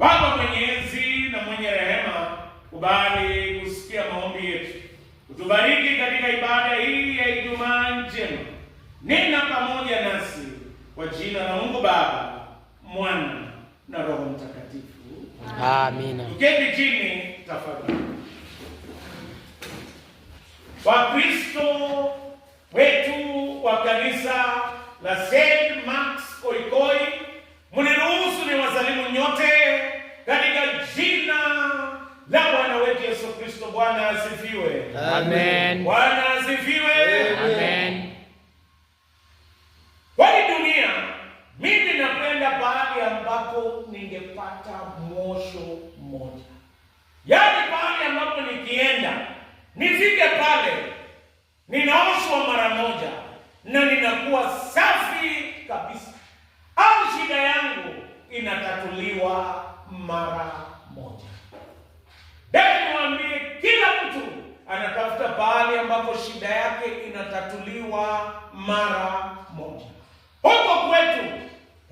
Baba mwenyezi na mwenye rehema, kubali kusikia maombi yetu, utubariki katika ibada hii ya Ijumaa njema, nena pamoja nasi kwa jina la Mungu Baba, Mwana na Roho Mtakatifu, amina. Tuketi chini tafadhali. Wakristo wetu wa kanisa la Bwana asifiwe. Amen. Bwana asifiwe. Amen. Kwani dunia, mimi napenda pahali ambapo ningepata mwosho mmoja, yaani pahali ambapo nikienda nifike pale ninaoshwa mara moja na ninakuwa safi kabisa, au shida yangu inatatuliwa mara moja. ambapo shida yake inatatuliwa mara moja. Huko kwetu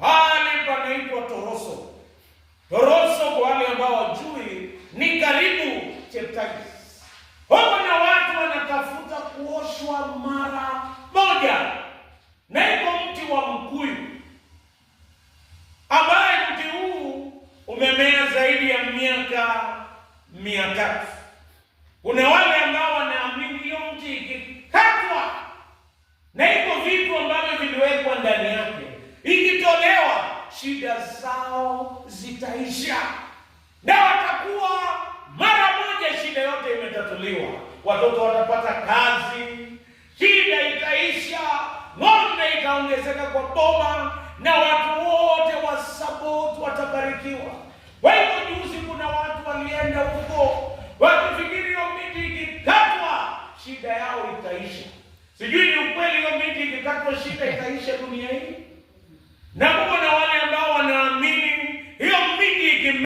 pale panaitwa Toroso. Toroso kwa wale ambao wajui ni karibu Cheptagis. Huko na watu wanatafuta kuoshwa mara moja, na iko mti wa mkuyu ambaye mti huu umemea zaidi ya miaka mia tatu. Kuna wale ambao wanaamini ikikatwa na iko vitu ambavyo viliwekwa ndani yake, ikitolewa shida zao zitaisha na watakuwa mara moja, shida yote imetatuliwa. Watoto watapata kazi, shida itaisha, ng'ombe itaongezeka kwa boma, na watu wote wa watabarikiwa. Number one